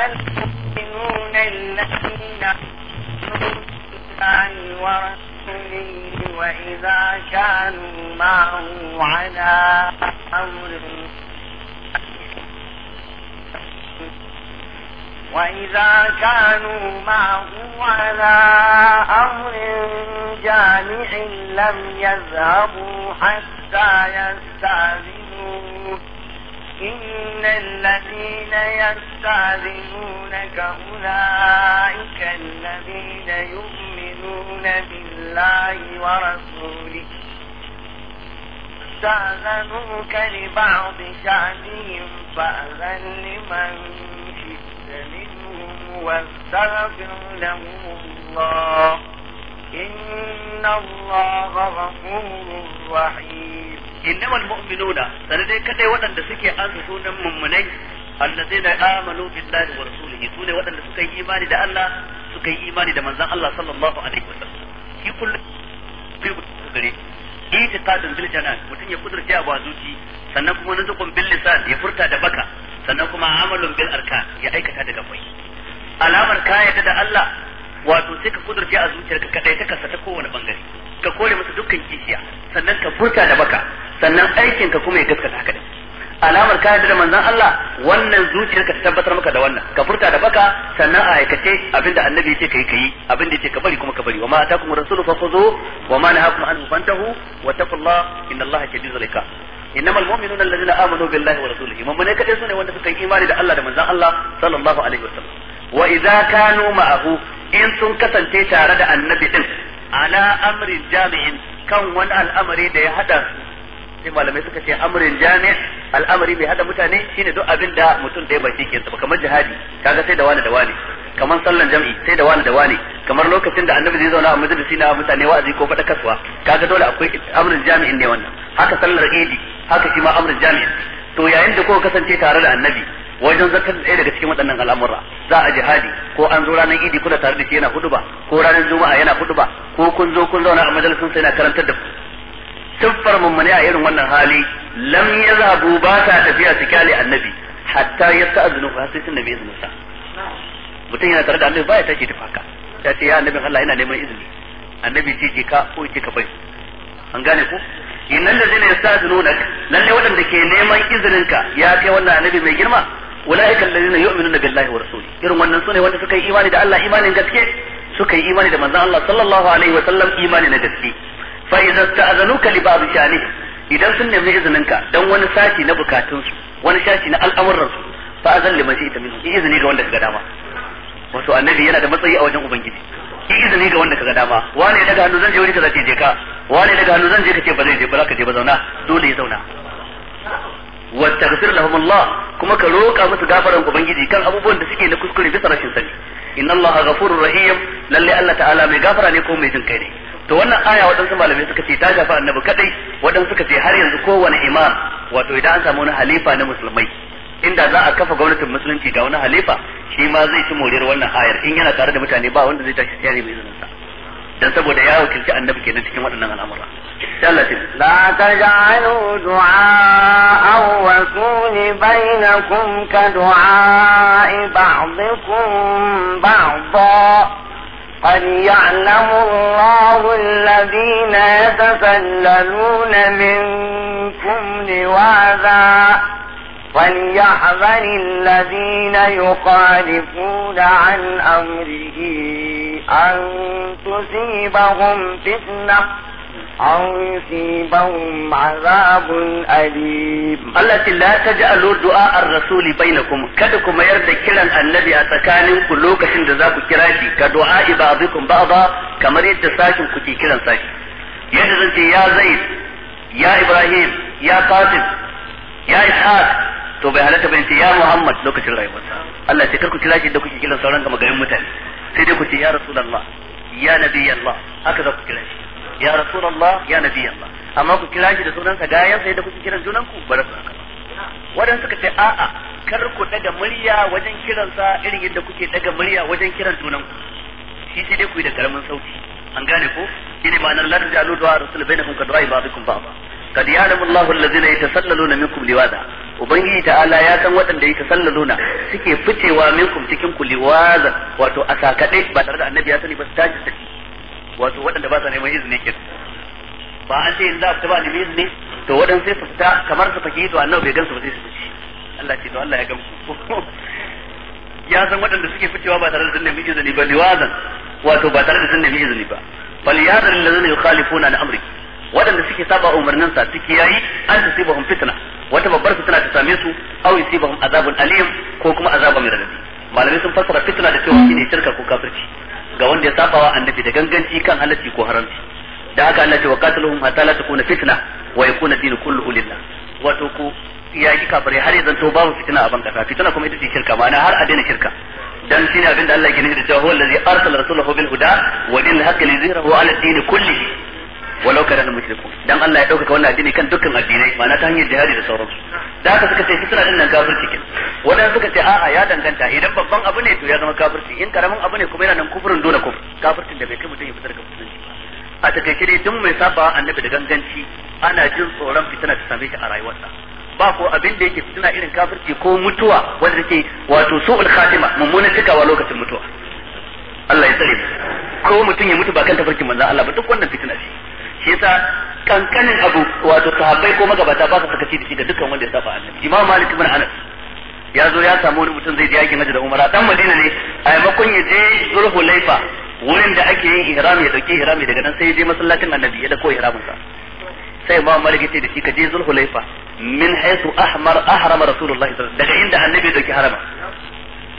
المؤمنون عن ورسوله وإذا كانوا معه على أمر وإذا كانوا معه على أمر جامع لم يذهبوا حتى يستاذنوه إن الذين يستاذنونك أولئك الذين يؤمنون بالله ورسوله استأذنوك لبعض شعبهم فأذن لمن في السبيل واستغفر له الله إن الله غفور رحيم إنما المؤمنون سندي كدي ودن دسكي أنسون ممنين الذين آمنوا بالله ورسوله سوني ودن دسكي إيمان دا الله سكي إيمان دا منزان الله صلى الله عليه وسلم في كل في كل itiqadun bil janan mutum ya kudurce abu a zuci sannan kuma nutqun bil lisan ya furta da baka sannan kuma amalun bil arkan ya aikata daga gabai alamar ka yarda da Allah wato sai ka kudurce a zuciyarka ka ta kasa ta kowane bangare ka kore masa dukkan kishiya sannan ka furta da baka sannan aikin ka kuma ya gaskata haka alamar ka yarda da manzon Allah wannan zuciyarka ta tabbatar maka da wannan ka furta da baka sannan a aikace abinda annabi yake kai kai abinda yake ka bari kuma ka bari wa ma atakum rasulu fakhudhu wa ma nahakum anhu fantahu wa taqullaha innallaha shadidul iqab إنما المؤمنون الذين آمنوا بالله ورسوله من من كده سنة وأنت في إيمان الله من الله صلى الله عليه وسلم wa idza kanu ma'ahu in sun kasance tare da annabi din ala amrin jami'in kan wani al'amari da ya hada sai malamai suka ce amrin jami' al'amari mai hada mutane shine duk abin da mutum da ya baki ke ba kamar jihadi kaga sai da wani da wani kamar sallan jami'i sai da wani da wani kamar lokacin da annabi zai zauna a majalisi na mutane wa'azi ko faɗa kasuwa kaga dole akwai amrin jami'in ne wannan haka sallar idi haka shi ma amrin jami'in to yayin da kuka kasance tare da annabi wajen zartar da ɗaya daga cikin waɗannan al'amura za a jihadi ko an zo ranar idi kuna tare da shi yana huduba ko ranar juma'a yana huduba ko kun zo kun zauna a majalisun sai na karantar da ku Tuffar mummune a irin wannan hali lam yazhabu ba ta tafiya su kyale annabi hatta azunu fa sai sunnabi izinin sa mutum yana tare da annabi baya tashi tafi haka ta ce ya annabin Allah yana neman izini annabi ce je ka ko je ka bai an gane sa innal ladzina nan lalle waɗanda ke neman izininka ya kai wannan annabi mai girma ulaika alladhina yu'minuna billahi wa rasuli irin wannan sune wanda suka yi imani da Allah imanin gaske suka yi imani da manzon Allah sallallahu alaihi wa sallam imani na gaske fa idza ta'azanuka li ba'd shani idan sun nemi izininka dan wani sashi na bukatunsu wani sashi na al'amuran al'amuransu fa azan liman shi'ta ki izini ga wanda kaga dama wato annabi yana da matsayi a wajen ubangiji ki izini ga wanda kaga dama wani daga hannu zan je wuri kaza ce je ka wani daga hannu zan je kace ba zai je ba za ka je ba zauna dole ya zauna wastaghfir lahum kuma ka roƙa musu gafaran ubangiji kan abubuwan da suke na kuskure bisa rashin sani inna Allah ghafurur rahim lalle Allah ta'ala mai gafara ne ko mai jin kai ne to wannan aya waɗansu malamai suka ce ta shafi annabi kadai waɗansu suka ce har yanzu kowane iman wato idan an samu wani halifa na musulmai inda za a kafa gwamnatin musulunci ga wani halifa shi ma zai ci moriyar wannan ayar in yana tare da mutane ba wanda zai tashi tsare mai izinin sa dan saboda ya wakilci annabi kenan cikin waɗannan al'amura لا تجعلوا دعاء الرسول بينكم كدعاء بعضكم بعضا قد يعلم الله الذين يتسللون منكم لواذا فليحذر الذين يخالفون عن أمره أن تصيبهم فتنة أو يصيبهم عذاب أليم التي لا تجعلوا دعاء الرسول بينكم كدكم يرد كلا النبي أتكانكم لوكشن دزاكو كراشي كدعاء بعضكم بعضا كما يد ساكن كتي كلا ساكن يجزنتي يا زيد يا إبراهيم يا قاسم يا إسحاق to bai halatta bai ce ya Muhammad lokacin rayuwarsa Allah ce karku kira shi da kuke kiran sauran gama garin mutane sai dai ku ce ya Rasulullah ya nabi Allah haka za ku kira shi ya rasulullah ya nabi Allah amma ku kira shi da sunansa gayan sai da kuke kiran junan ku ba haka wadanda suka ce a'a kar ku daga murya wajen kiransa irin yadda kuke daga murya wajen kiran junan ku shi sai dai ku yi da karamin sauki an gane ko shine ma'anar la tajalu du'a rasul bainakum ka du'a ba'd kad ya'lamu Allahu allazina yatasallaluna minkum liwaza ubangiji ta'ala ya san waɗanda yatasallaluna suke ficewa minkum ku liwaza wato a sakade ba tare da annabi sani ba su tashi saki wato waɗanda ba sa neman izini kin ba an ce in za fita ba neman izini to waɗanda sai su fita kamar su fake to annabi bai gansu ba sai su fice Allah ce to Allah ya gamsu ya san waɗanda suke ficewa ba tare da nemi izini ba liwazan wato ba tare da nemi izini ba amri waɗanda suke saba umarnin sa suke yayi an su tusibahum fitna wata babbar fitna ta same su aw yusibahum azabun alim ko kuma azabun min radadi malamai sun fassara fitna da cewa shine shirka ko kafirci ga wanda ya saba wa annabi da ganganci kan halacci ko haramci da haka Allah ce wa qataluhum hatta la takuna fitna wa yakuna dinu kulluhu lillah wato ku yaki kafirai har ya zanto babu fitina a bankasa fitina kuma ita ce shirka ma'ana har a daina shirka dan shine abinda Allah ke nufi da cewa huwa allazi arsala rasulahu bil huda wa dinil haqqi liyuzhirahu ala ad-din kullihi walau kana na mushriku dan Allah ya dauka wannan addini kan dukkan addinai na ta hanyar jihadi da sauransu da haka suka ce fitna din nan kafirci kin wadanda suka ce a'a ya danganta idan babban abu ne to ya zama kafirci in karamin abu ne kuma yana nan kufurin dole kufur kafircin da bai kai mutum ya fitar da musulunci ba a takaice dai duk mai saba annabi da ganganci ana jin tsoron fitina ta same shi a rayuwarsa ba ko abin da yake fitina irin kafirci ko mutuwa wanda take wato su'ul khatima mummunan cikawa lokacin mutuwa Allah ya tsare ko mutum ya mutu ba kan tafarkin manzo Allah ba duk wannan fitina ce shi yasa kankanin abu wato sahabbai ko magabata ba su sakaci da shi da dukkan wanda ya saba annabi imam malik ibn anas ya zo ya samu wani mutum zai je yakin hajji da umara dan madina ne a maimakon ya je zurhu laifa wurin da ake yin ihrami ya dauki ihrami daga nan sai ya je masallacin annabi ya dauko ihramin sa sai imam malik ya ce da shi ka je zurhu laifa min haythu ahmar ahrama rasulullahi sallallahu alaihi wasallam daga inda annabi ya dauki harama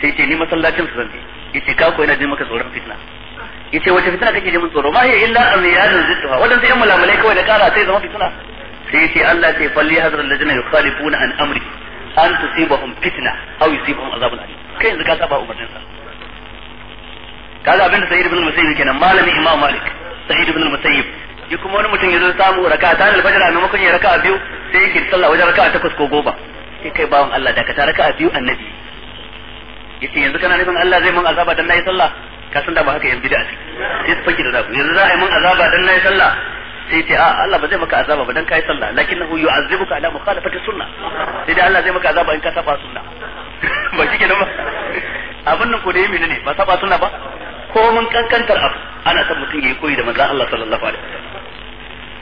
sai ce ni masallacin su zan je yace ka koyi na je maka tsoron fitna yace wace fitina kake da mun tsoro ma hiya illa amyadun zittuha wadan sai mulamalai kawai da kara sai zama fitina sai yace Allah sai falli hazar alladhina yukhalifuna an amri an tusibahum fitna aw yusibahum azabun alim kai yanzu ka saba umarnin sa kaga abin da Sa'id ibn Musayyib kenan malami Imam Malik Sa'id ibn Musayyib shi kuma wani mutum ya zo samu raka'a ta al-fajr a maimakon ya raka'a biyu sai yake sallah wajen raka'a takwas ko goma sai kai bawan Allah dakata ka ta raka'a biyu annabi yace yanzu kana nufin Allah zai mun azaba dan nayi sallah ka san da ba haka yan bid'a ce sai su fake da zabu yanzu za a yi mun azaba dan nayi sallah sai ce a Allah ba zai maka azaba ba dan kai sallah hu yu'azzibuka ala mukhalafati sunna sai dai Allah zai maka azaba in ka saba sunna ba kike nan ba abin nan ko da yimi ne ba saba sunna ba ko mun kankantar abu ana son mutum yayi koyi da manzo Allah sallallahu alaihi wasallam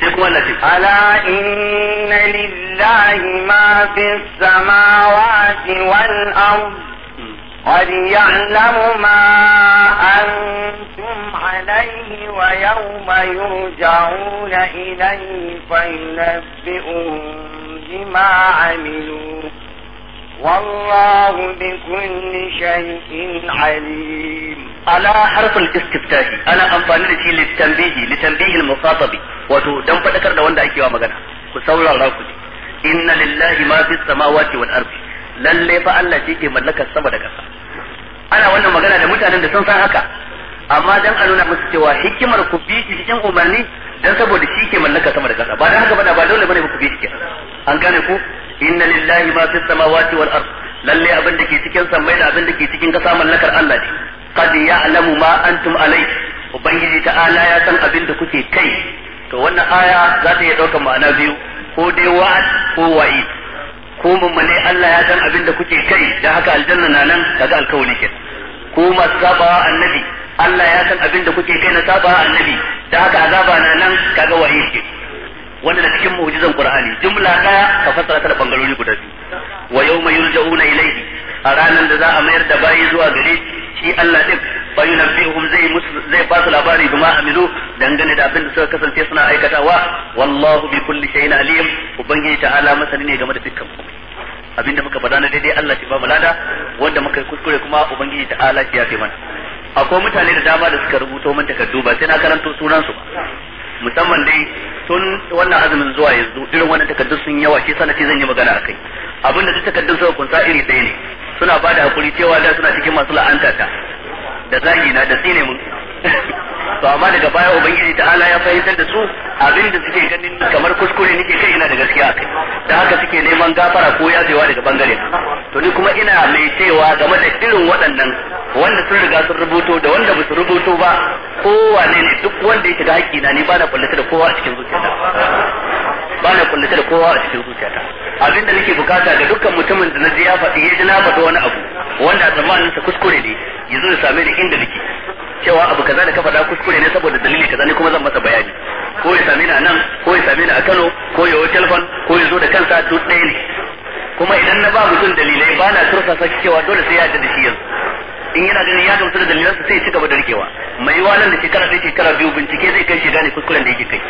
sai kuma Allah ce ala inna lillahi ma fis samawati wal ardh قد يعلم ما أنتم عليه ويوم يرجعون إليه فينبئهم بما عملوا والله بكل شيء عليم على حرف الاستفتاء انا امفان لتي للتنبيه لتنبيه المخاطب وتو دم فدكر ده وندا اكيوا الله كو ان لله ما في السماوات والارض للي فالله شيكي ملك السما ده ana wannan magana da mutanen da sun san haka amma dan a nuna musu cewa hikimar ku bi shi cikin umarni dan saboda shi ke mallaka sama da kasa ba dan haka bana ba dole bane ku bi shi an gane ku inna lillahi ma fis samawati wal ard lalle abin da ke cikin sammai da abin da ke cikin kasa mallakar Allah ne qad ya'lamu ma antum alai ubangiji ta'ala ya san abin da kuke kai to wannan aya za ta iya daukar ma'ana biyu ko dai wa'ad ko wa'id ko mummune Allah ya san abin da kuke kai da haka aljanna na nan kaga alkawali ke ko masu sabawa annabi Allah ya san abin da kuke kai na sabawa annabi da haka azaba na nan kaga wahi ke wanda da cikin mu'jizan Qur'ani jumla daya ka fassara ta da bangarori guda biyu wa yawma yulja'una ilayhi a ranar da za a mayar da bayi zuwa gare shi Allah din fa yunabbihum zai zai ba su labari bima amilu dangane da abin da suka kasance suna aikatawa wallahu bi kulli shay'in alim ubangiji ta'ala masani ne game da dukkan komai abinda muka faɗa na daidai Allah shi ba mu lada wanda muka yi kuskure kuma ubangiji ta ala ya fi mana akwai mutane da dama da suka rubuto mun takardu ba sai na karanto sunan su musamman dai tun wannan azumin zuwa yanzu irin wannan takardun sun yawa shi sana ce zan yi magana akai abinda duk takardun suka kunsa iri ɗaya ne suna bada da hakuri cewa da suna cikin masu la'anta ta da zagi na da tsine mun to amma daga baya ubangiji ala ya fahimtar da su abin da suke ganin kamar kuskure nake kai ina da gaskiya kai da haka suke neman gafara ko yajewa daga bangare to ni kuma ina mai cewa game da irin waɗannan wanda sun riga sun rubuto da wanda ba su rubuto ba kowane ne duk wanda ya shiga haƙƙi na ni ba na kullata da kowa a cikin zuciyata ba na kullata da kowa a cikin zuciyata abinda nake bukata ga dukkan mutumin da na ji ya faɗi ya ji na faɗi wani abu wanda a tsammanin sa kuskure ne ya zo same ni inda nake cewa abu kaza da ka faɗa kuskure ne saboda dalili kaza ne kuma zan masa bayani ko ya same ni a nan ko ya same ni a Kano ko ya yi telefon ko ya zo da kansa duk ɗaya ne kuma idan na ba mutum dalilai ba na tursa saki cewa dole sai ya ji da shi yanzu in yana ganin ya gamsu da dalilansa sai ya ci gaba da rikewa mai yiwa nan da shekara ɗaya shekara biyu bincike zai kai shi gane kuskuren da yake kai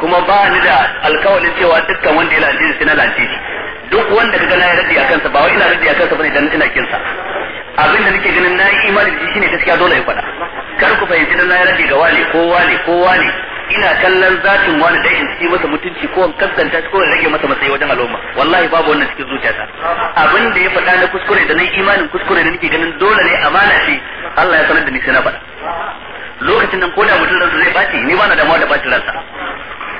kuma ba ni da alkawalin cewa dukkan wanda ya lance shi na lance shi duk wanda ka na ya raddi a kansa ba wai ina radi akan sa bane dan ina kinsa abin da nake ganin na yi imani da shi shine gaskiya dole in faɗa kar ku fahimci dan na rage ga wani ko wani ko wani ina kallon zatin wani da in ci masa mutunci ko kaskanta ko in rage masa matsayi wajen al'umma wallahi babu wannan cikin zuciyata abin da ya faɗa na kuskure da na imanin kuskure da nake ganin dole ne amana ce Allah ya sanar da ni sai na faɗa lokacin nan ko da mutum ransa zai baci ni ba na damuwa da bacin ransa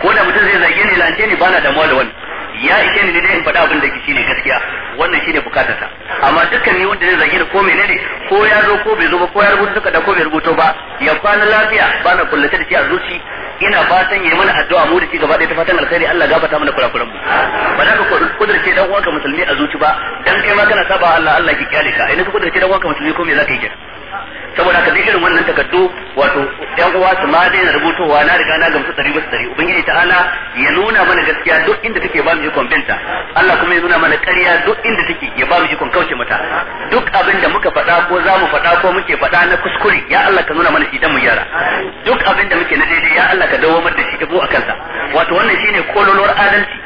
ko da mutum zai zage ni lance ni ba na damuwa da wani. ya ishe ni dai in faɗa abin da shi ne gaskiya wannan shi ne bukatarsa amma dukkan ni wanda zai zage ni ko menene ko ya zo ko bai zo ba ko ya rubuta suka da ko bai rubuto ba ya kwana lafiya ba na kullace da shi a zuci ina fatan yayi mana addu'a mu da shi gaba ɗaya ta fatan alkhairi Allah gafarta mana kurakuran mu ba za ka kudurce dan uwanka musulmi a zuci ba dan kai ma kana saba Allah Allah ki kyale ka idan ka kudurce dan uwanka musulmi ko me za ka yi kenan saboda ka duk wannan takaddu wato yan uwa su ma daina rubutowa na riga na gamsu dari bisa dari ubangiji ala ya nuna mana gaskiya duk inda take ba mu ji binta Allah kuma ya nuna mana ƙarya duk inda take ya ba mu ji kauce mata duk abin da muka faɗa ko za mu faɗa ko muke faɗa na kuskure ya Allah ka nuna mana shi dan mu yara duk abin da muke na daidai ya Allah ka dawo mana da shi tabo a kansa wato wannan shine kololowar adalci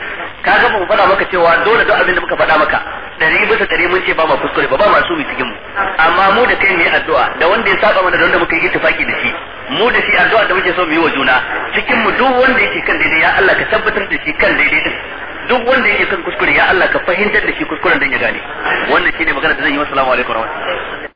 ka ga mu faɗa maka cewa dole duk abin da muka faɗa maka dari bisa dari mun ce ba ma kuskure ba ba ma su cikin mu amma mu da kai ne addu'a da wanda ya saba mana da wanda muka yi ittifaki da shi mu da shi addu'a da muke so mu yi wa juna cikin mu duk wanda yake kan daidai ya Allah ka tabbatar da shi kan daidai din duk wanda yake kan kuskure ya Allah ka fahimtar da shi kuskuren dan ya gane wannan shine magana da zan yi wa assalamu alaikum warahmatullahi